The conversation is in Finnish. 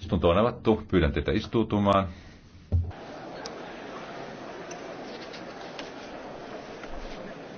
Istunto on avattu. Pyydän teitä istuutumaan.